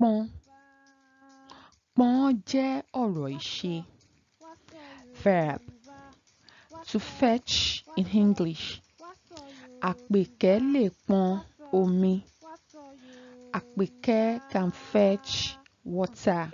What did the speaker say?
Pọ́n. Pọ́n jẹ́ ọ̀rọ̀ ìṣe. Verb to fetch in English. Àpèkẹ́ lè pọn omi. Àpèkẹ́ can fetch water.